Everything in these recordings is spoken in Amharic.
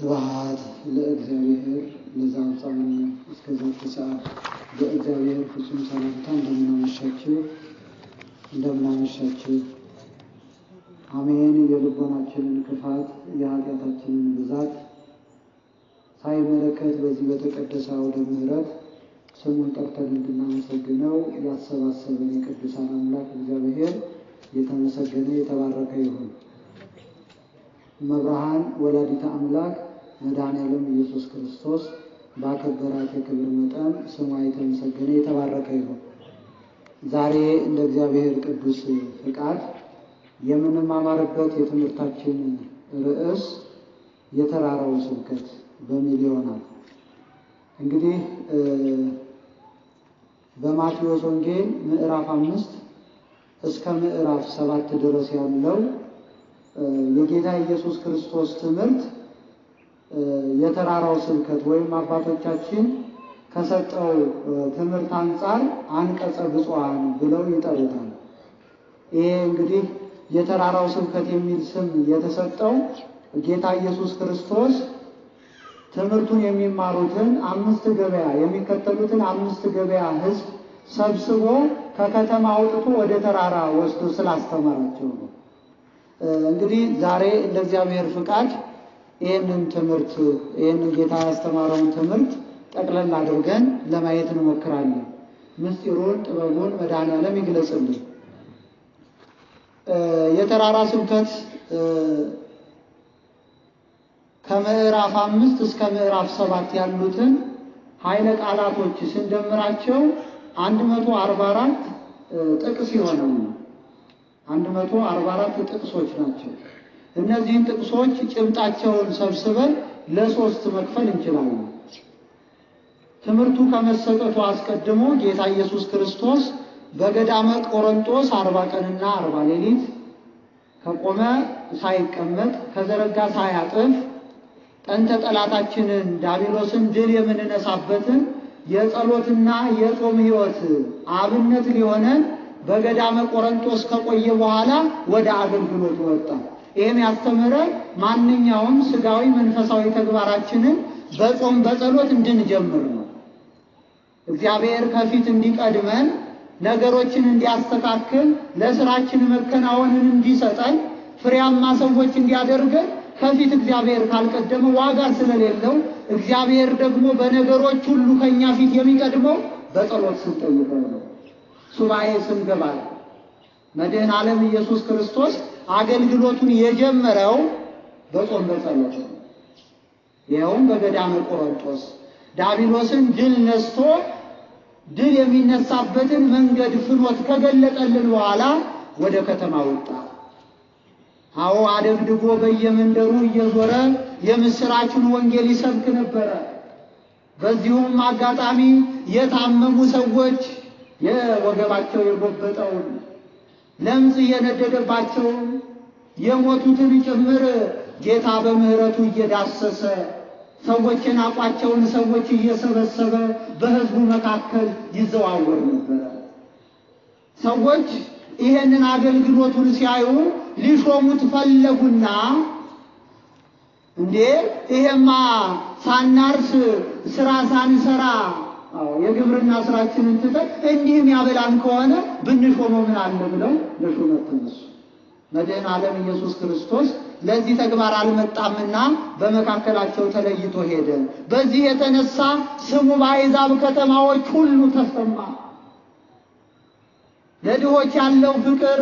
ስብሐት ለእግዚአብሔር ለዘአብጽሐነ እስከ ዛቲ ሰዓት። በእግዚአብሔር ፍጹም ሰላምታ እንደምናመሻችው እንደምናመሻችው። አሜን። የልቦናችንን ክፋት የኃጢአታችንን ብዛት ሳይመለከት በዚህ በተቀደሰ አውደ ምሕረት ስሙን ጠርተን እንድናመሰግነው ያሰባሰበን የቅዱሳን አምላክ እግዚአብሔር የተመሰገነ የተባረከ ይሁን። መብርሃን ወላዲተ አምላክ መድኃኔዓለም ኢየሱስ ክርስቶስ ባከበራት የክብር መጠን ስሟ የተመሰገነ የተባረከ ይሁን። ዛሬ እንደ እግዚአብሔር ቅዱስ ፍቃድ የምንማማርበት የትምህርታችን ርዕስ የተራራው ስብከት በሚል ይሆናል። እንግዲህ በማቴዎስ ወንጌል ምዕራፍ አምስት እስከ ምዕራፍ ሰባት ድረስ ያለው የጌታ ኢየሱስ ክርስቶስ ትምህርት የተራራው ስብከት ወይም አባቶቻችን ከሰጠው ትምህርት አንጻር አንቀጸ ብፁዓን ብለው ይጠሩታል። ይሄ እንግዲህ የተራራው ስብከት የሚል ስም የተሰጠው ጌታ ኢየሱስ ክርስቶስ ትምህርቱን የሚማሩትን አምስት ገበያ የሚከተሉትን አምስት ገበያ ሕዝብ ሰብስቦ ከከተማ አውጥቶ ወደ ተራራ ወስዶ ስላስተማራቸው ነው። እንግዲህ ዛሬ እንደ እግዚአብሔር ፍቃድ ይህንን ትምህርት ይህንን ጌታ ያስተማረውን ትምህርት ጠቅለል አድርገን ለማየት እንሞክራለን። ምስጢሩን ጥበቡን መድኃኔዓለም ይግለጽልን። የተራራ ስብከት ከምዕራፍ አምስት እስከ ምዕራፍ ሰባት ያሉትን ኃይለ ቃላቶች ስንደምራቸው አንድ መቶ አርባ አራት ጥቅስ ይሆናሉ። አንድ መቶ አርባ አራት ጥቅሶች ናቸው። እነዚህን ጥቅሶች ጭብጣቸውን ሰብስበን ለሶስት መክፈል እንችላለን። ትምህርቱ ከመሰጠቱ አስቀድሞ ጌታ ኢየሱስ ክርስቶስ በገዳመ ቆሮንጦስ አርባ ቀንና አርባ ሌሊት ከቆመ ሳይቀመጥ ከዘረጋ ሳያጥፍ ጠንተ ጠላታችንን ዳቢሎስን ድል የምንነሳበትን የጸሎትና የጾም ሕይወት አብነት ሊሆነን በገዳመ ቆረንጦስ ከቆየ በኋላ ወደ አገልግሎት ወጣ። ይህን ያስተምረን። ማንኛውም ስጋዊ መንፈሳዊ ተግባራችንን በጾም በጸሎት እንድንጀምር ነው። እግዚአብሔር ከፊት እንዲቀድመን ነገሮችን እንዲያስተካክል ለስራችን መከናወንን እንዲሰጠን ፍሬያማ ሰዎች እንዲያደርገን ከፊት እግዚአብሔር ካልቀደመ ዋጋ ስለሌለው እግዚአብሔር ደግሞ በነገሮች ሁሉ ከኛ ፊት የሚቀድመው በጸሎት ስንጠይቀው ነው። ሱባኤ ስንገባ መድህን ዓለም ኢየሱስ ክርስቶስ አገልግሎቱን የጀመረው በጾም በጸሎት ነው። ይኸውም በገዳመ ቆሮንቶስ ዳቢሎስን ድል ነስቶ ድል የሚነሳበትን መንገድ ፍኖት ከገለጠልን በኋላ ወደ ከተማ ወጣ። አዎ አደግድጎ በየመንደሩ እየዞረ የምስራችን ወንጌል ይሰብክ ነበረ። በዚሁም አጋጣሚ የታመሙ ሰዎች የወገባቸው የጎበጠውን ለምጽ እየነደደባቸውን የሞቱትን ጭምር ጌታ በምሕረቱ እየዳሰሰ ሰዎችን አቋቸውን ሰዎች እየሰበሰበ በሕዝቡ መካከል ይዘዋወር ነበረ። ሰዎች ይሄንን አገልግሎቱን ሲያዩ ሊሾሙት ፈለጉና እንዴ ይሄማ ሳናርስ ስራ ሳንሰራ የግብርና ስራችንን ትተን እንዲህም ያበላን ከሆነ ብንሾመው ምን አለ ብለው ለሾመት ተነሱ። መድህን ዓለም ኢየሱስ ክርስቶስ ለዚህ ተግባር አልመጣምና በመካከላቸው ተለይቶ ሄደ። በዚህ የተነሳ ስሙ በአሕዛብ ከተማዎች ሁሉ ተሰማ። ለድሆች ያለው ፍቅር፣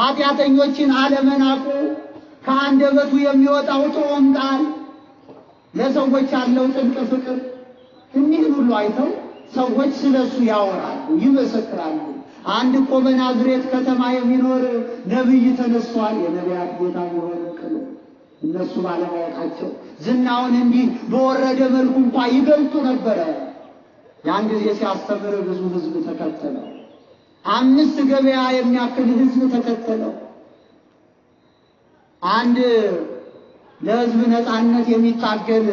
ኃጢአተኞችን አለመናቁ፣ ከአንደበቱ የሚወጣው ጥዑም ቃል፣ ለሰዎች ያለው ጥልቅ ፍቅር፣ እኒህን ሁሉ አይተው ሰዎች ስለሱ ያወራሉ፣ ይመሰክራሉ። አንድ እኮ በናዝሬት ከተማ የሚኖር ነብይ ተነስቷል። የነቢያት ጌታ የሆነ ቅሉ እነሱ ባለማየታቸው ዝናውን እንዲህ በወረደ መልኩ እንኳ ይገልጡ ነበረ። ያን ጊዜ ሲያስተምር ብዙ ህዝብ ተከተለው። አምስት ገበያ የሚያክል ህዝብ ተከተለው። አንድ ለህዝብ ነፃነት የሚታገል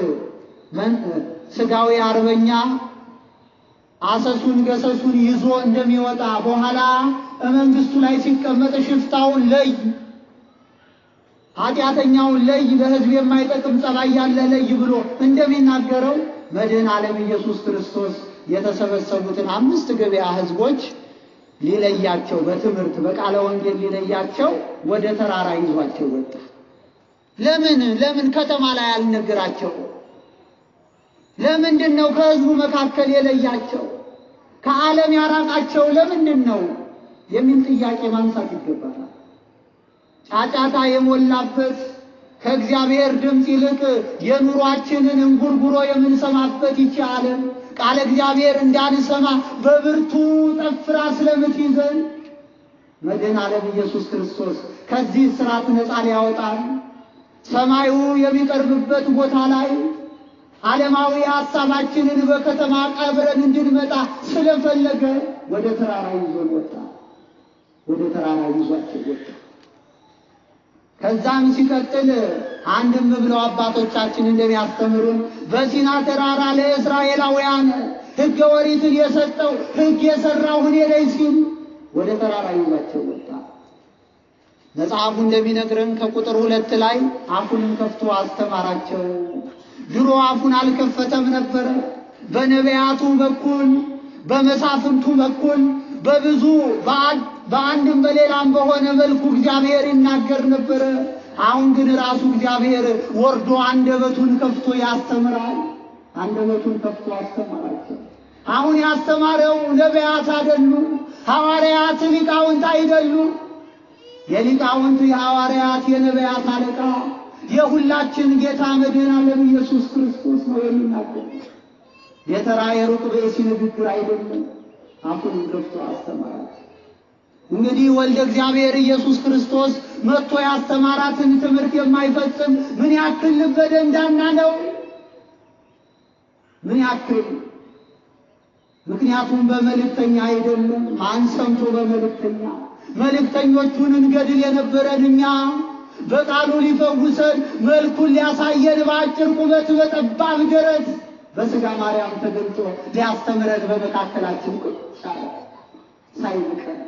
ስጋዊ አርበኛ አሰሱን ገሰሱን ይዞ እንደሚወጣ በኋላ በመንግስቱ ላይ ሲቀመጥ ሽፍታውን ለይ፣ ኃጢአተኛውን ለይ፣ ለህዝብ የማይጠቅም ጸባይ ያለ ለይ ብሎ እንደሚናገረው መድህን ዓለም ኢየሱስ ክርስቶስ የተሰበሰቡትን አምስት ገበያ ህዝቦች ሊለያቸው በትምህርት በቃለ ወንጌል ሊለያቸው ወደ ተራራ ይዟቸው ወጣ። ለምን ለምን ከተማ ላይ አልነገራቸው? ለምንድን ነው ከህዝቡ መካከል የለያቸው? ከዓለም ያራቃቸው ለምንድን ነው የሚል ጥያቄ ማንሳት ይገባናል። ጫጫታ የሞላበት ከእግዚአብሔር ድምፅ ይልቅ የኑሯችንን እንጉርጉሮ የምንሰማበት ይቺ ዓለም ቃለ እግዚአብሔር እንዳንሰማ በብርቱ ጠፍራ ስለምትይዘን መድኃኔ ዓለም ኢየሱስ ክርስቶስ ከዚህ ስርዓት ነፃ ሊያወጣን ሰማዩ የሚቀርብበት ቦታ ላይ ዓለማዊ ሐሳባችንን በከተማ ቀብረን እንድንመጣ ስለፈለገ ወደ ተራራ ይዞን ወጣ። ወደ ተራራ ይዟቸው ወጣ። ከዛም ሲቀጥል አንድም ብለው አባቶቻችን እንደሚያስተምሩን በሲና ተራራ ለእስራኤላውያን ሕገ ወሪትን የሰጠው ሕግ የሰራው እኔ ነኝ ሲሉ ወደ ተራራ ይዟቸው ወጣ። መጽሐፉ እንደሚነግረን ከቁጥር ሁለት ላይ አፉንም ከፍቶ አስተማራቸው። ድሮ አፉን አልከፈተም ነበር በነቢያቱ በኩል በመሳፍንቱ በኩል በብዙ በአንድም በሌላም በሆነ መልኩ እግዚአብሔር ይናገር ነበረ። አሁን ግን ራሱ እግዚአብሔር ወርዶ አንደበቱን ከፍቶ ያስተምራል። አንደበቱን ከፍቶ ያስተምራቸው። አሁን ያስተማረው ነቢያት አይደሉ፣ ሐዋርያት፣ ሊቃውንት አይደሉ። የሊቃውንት የሐዋርያት የነቢያት አለቃ የሁላችን ጌታ መድኃኔዓለም ኢየሱስ ክርስቶስ ነው የሚናገር። የተራ የሩቅ ብእሲ ንግግር አይደለም። አሁን ከፍቶ አስተማራት። እንግዲህ ወልደ እግዚአብሔር ኢየሱስ ክርስቶስ መጥቶ ያስተማራትን ትምህርት የማይፈጽም ምን ያክል ልበ ደንዳና ነው! ምን ያክል ምክንያቱም በመልእክተኛ አይደለም። ማን ሰምቶ በመልእክተኛ መልእክተኞቹን እንገድል የነበረን እኛ በቃሉ ሊፈውሰን መልኩን ሊያሳየን በአጭር ቁመት በጠባብ ደረት በስጋ ማርያም ተገልጦ ሊያስተምረን በመካከላችን ቁጭ ሳይንቀን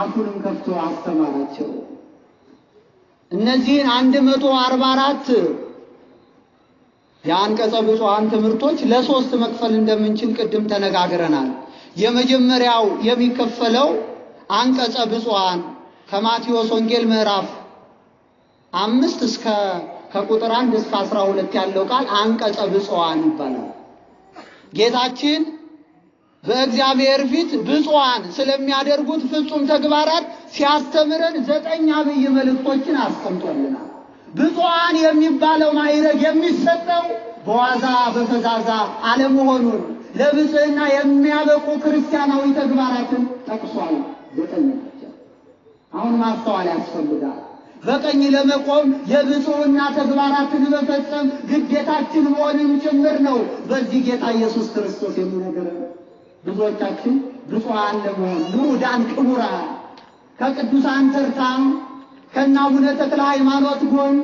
አፉንም ከፍቶ አስተማራቸው። እነዚህን አንድ መቶ አርባ አራት የአንቀጸ ብፁዓን ትምህርቶች ለሶስት መክፈል እንደምንችል ቅድም ተነጋግረናል። የመጀመሪያው የሚከፈለው አንቀጸ ብፁዓን ከማቴዎስ ወንጌል ምዕራፍ አምስት እስከ ከቁጥር አንድ እስከ አስራ ሁለት ያለው ቃል አንቀጸ ብፁዓን ይባላል። ጌታችን በእግዚአብሔር ፊት ብፁዓን ስለሚያደርጉት ፍጹም ተግባራት ሲያስተምረን ዘጠኝ አብይ መልእክቶችን አስቀምጦልናል። ብፁዓን የሚባለው ማይረግ የሚሰጠው በዋዛ በፈዛዛ አለመሆኑን ለብፅዕና የሚያበቁ ክርስቲያናዊ ተግባራትን ጠቅሷል። ዘጠኝ ናቸው። አሁን ማስተዋል ያስፈልጋል። በቀኝ ለመቆም የብፁዕና ተግባራትን መፈጸም ግዴታችን መሆንም ጭምር ነው። በዚህ ጌታ ኢየሱስ ክርስቶስ የሚነገረ ብዙዎቻችን ብፁዓን ለመሆን ምሁዳን፣ ቅቡራን ከቅዱሳን ተርታም ከና አቡነ ተክለ ሃይማኖት ጎን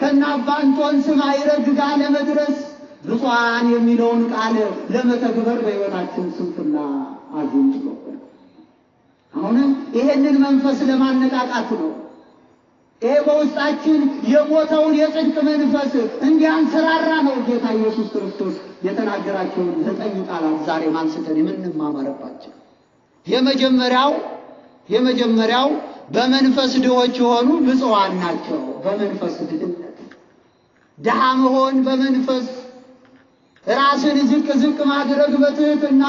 ከና አባ ስም ስማ ለመድረስ ብፁዓን የሚለውን ቃል ለመተግበር በሕይወታችን ስንፍና አዝንጭሎ አሁንም ይሄንን መንፈስ ለማነቃቃት ነው። ይሄ በውስጣችን የሞተውን የጽድቅ መንፈስ እንዲያንሰራራ ነው ጌታ ኢየሱስ ክርስቶስ የተናገራቸውን ዘጠኝ ቃላት ዛሬ ማንስተን የምንማማርባቸው። የመጀመሪያው የመጀመሪያው በመንፈስ ድሆች የሆኑ ብፁዓን ናቸው። በመንፈስ ድህነት ድሃ መሆን በመንፈስ ራስን ዝቅ ዝቅ ማድረግ በትህትና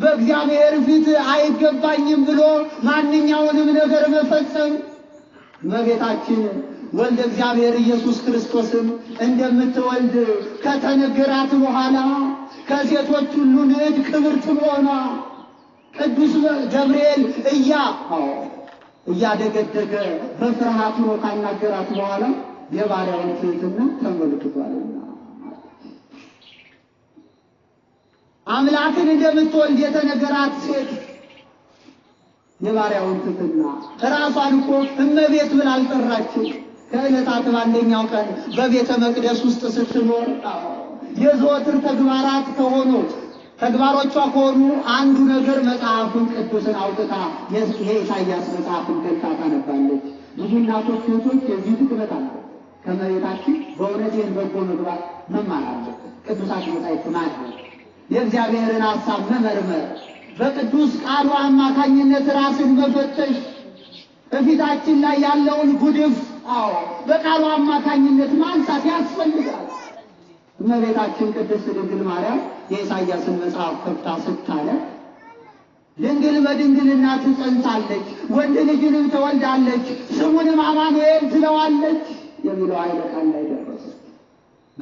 በእግዚአብሔር ፊት አይገባኝም ብሎ ማንኛውንም ነገር መፈጸም እመቤታችን ወልደ እግዚአብሔር ኢየሱስ ክርስቶስም እንደምትወልድ ከተነገራት በኋላ ከሴቶች ሁሉ ንዕድ ክብርት ሆና ቅዱስ ገብርኤል እያ እያደገደገ በፍርሃት ኖ ካናገራት በኋላ የባሪያውን ትሕትና ተመልክቷልና አምላክን እንደምትወልድ የተነገራት ሴት የባሪያውን ትትና እራሷን እኮ እመቤት ብላ አልጠራችው። ከዕለታት በአንደኛው ቀን በቤተ መቅደስ ውስጥ ስትኖር የዘወትር ተግባራት ከሆኑ ተግባሮቿ ከሆኑ አንዱ ነገር መጽሐፉን ቅዱስን አውጥታ ይሄ ኢሳያስ መጽሐፍን ገልጣ ታነባለች። ብዙ እናቶች ሴቶች የዚህ ትቅበት አለ። ከመሬታችን በእውነት ይህን በጎ ምግባር መማር አለ። ቅዱሳት መጻሕፍት ማለት የእግዚአብሔርን ሐሳብ መመርመር፣ በቅዱስ ቃሉ አማካኝነት ራስን መፈተሽ፣ በፊታችን ላይ ያለውን ጉድፍ አዎ በቃሉ አማካኝነት ማንሳት ያስፈልጋል። እመቤታችን ቅድስት ድንግል ማርያም የኢሳያስን መጽሐፍ ከፍታ ስታለ ድንግል በድንግልና ትጸንሳለች፣ ወንድ ልጅንም ትወልዳለች፣ ስሙንም አማኑኤል ትለዋለች የሚለው አይለቃን ላይ ደረሰ።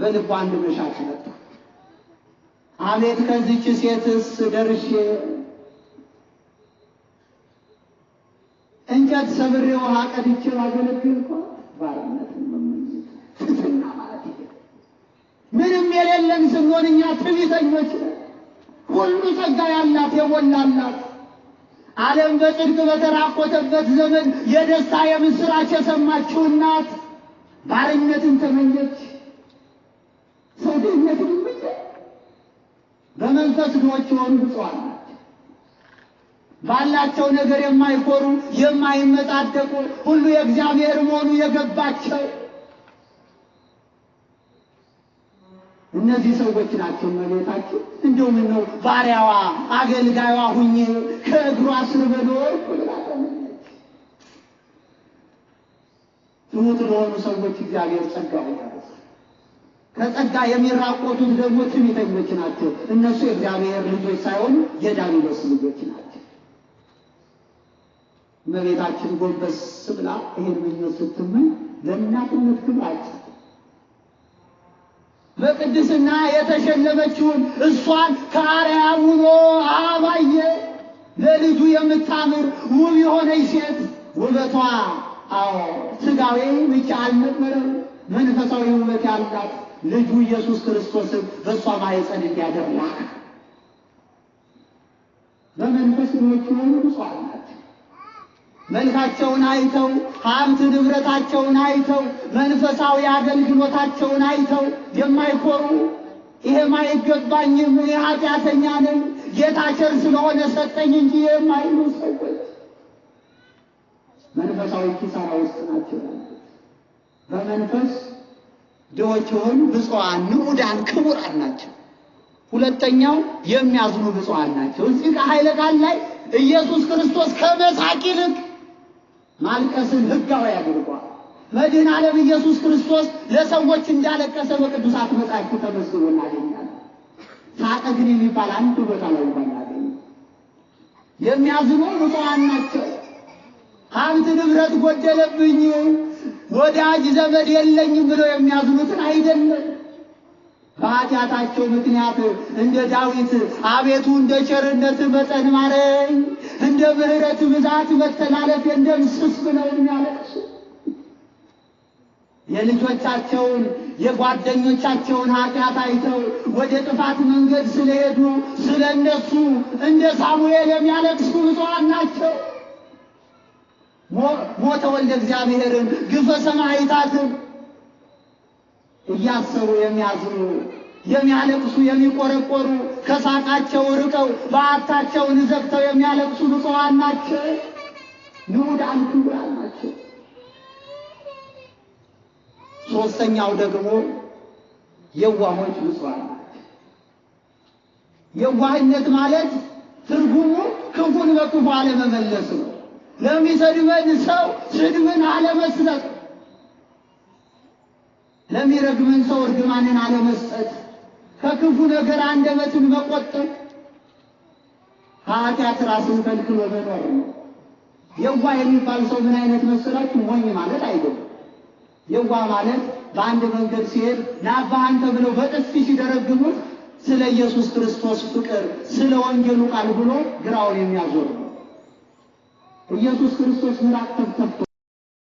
በልቧ አንድ መሻት መጣ። አቤት ከዚች ሴትስ ደርሼ እንጨት ሰብሬ ውሃ ቀድቼ ባገለገልኳት ምንም የሌለን ስንሆን እኛ ትዕቢተኞች ሁሉ ጸጋ ያላት የሞላላት ዓለም በጽድቅ በተራቆተበት ዘመን የደስታ የምስራች የሰማችው እናት ባርነትን ተመኘች ሰው በመንፈስ ድሆች የሆኑ ብፁዓን ባላቸው ነገር የማይኮሩ የማይመጻደቁ፣ ሁሉ የእግዚአብሔር መሆኑ የገባቸው እነዚህ ሰዎች ናቸው። እመቤታችን እንደው ምን ነው ባሪያዋ አገልጋዩዋ ሁኜ ከእግሯ ስር በኖር ትሁት ለሆኑ ሰዎች እግዚአብሔር ጸጋው ከጸጋ የሚራቆቱት ደግሞ ትዕቢተኞች ናቸው። እነሱ የእግዚአብሔር ልጆች ሳይሆኑ የዳቢሎስ ልጆች ናቸው። እመቤታችን ጎንበስ ብላ ይህን ምኞት ስትመኝ ለእናትነት ክብራቸው በቅድስና የተሸለመችውን እሷን ከአርያ ውሎ አባየ ለልጁ የምታምር ውብ የሆነች ሴት ውበቷ አዎ ስጋዊ ብቻ አልነበረም፣ መንፈሳዊ ውበት ያላት ልጁ ኢየሱስ ክርስቶስን በእሷ ማኅፀን እንዲያደር ላከ። በመንፈስ ድሆች የሆኑ ብፁዓን ናቸው። መልካቸውን አይተው ሀብት ንብረታቸውን አይተው መንፈሳዊ አገልግሎታቸውን አይተው የማይኮሩ ይሄ ማይገባኝም እኔ ኃጢአተኛ ነኝ፣ ጌታ ቸር ስለሆነ ሰጠኝ እንጂ የማይሉ ሰዎች መንፈሳዊ ኪሳራ ውስጥ ናቸው። በመንፈስ ድሆች የሆኑ ብፁዓን ንዑዳን ክቡራን ናቸው። ሁለተኛው የሚያዝኑ ብፁዓን ናቸው። እዚህ ከኃይለ ቃል ላይ ኢየሱስ ክርስቶስ ከመሳቅ ይልቅ ማልቀስን ሕጋዊ አድርጓል። መድህን ዓለም ኢየሱስ ክርስቶስ ለሰዎች እንዳለቀሰ በቅዱሳት መጻሕፍቱ ተመዝግቦ እናገኛለን። ሳቀ ግን የሚባል አንዱ ቦታ ላይ እንኳን እናገኝ። የሚያዝኑ ብፁዓን ናቸው። ሀብት ንብረት ጎደለብኝ ወዳጅ ዘመድ የለኝም ብለው የሚያዝኑትን አይደለም። በኃጢአታቸው ምክንያት እንደ ዳዊት አቤቱ እንደ ቸርነት መጠን ማረኝ፣ እንደ ምሕረት ብዛት መተላለፍ እንደምስስ ነው የሚያለቅሱ የልጆቻቸውን የጓደኞቻቸውን ኃጢአት አይተው ወደ ጥፋት መንገድ ስለሄዱ ስለ እነሱ እንደ ሳሙኤል የሚያለቅሱ ብፁዓን ናቸው። ሞተ ወልደ እግዚአብሔርን ግፈ ሰማይታትን እያሰቡ የሚያዝኑ የሚያለቅሱ የሚቆረቆሩ ከሳቃቸው ርቀው በዓታቸውን ዘግተው የሚያለቅሱ ብፁዓን ናቸው። ንዑዳን ክቡራን ናቸው። ሶስተኛው ደግሞ የዋሆች ብፁዓን ናቸው። የዋህነት ማለት ትርጉሙ ክፉን በክፉ አለመመለስ ነው። ለሚሰድበን ሰው ስድብን አለመስጠት፣ ለሚረግመን ሰው እርግማንን አለመስጠት፣ ከክፉ ነገር አንደበትን መቆጠብ፣ ከኃጢአት ራስን ከልክሎ መኖር ነው። የዋ የሚባል ሰው ምን አይነት መሰላችሁ? ሞኝ ማለት አይደለም። የዋ ማለት በአንድ መንገድ ሲሄድ ና ብለው በጥፊ ሲደረግሙት ስለ ኢየሱስ ክርስቶስ ፍቅር፣ ስለ ወንጌሉ ቃል ብሎ ግራውን የሚያዞር ነው። E as duas corações moraram tanto,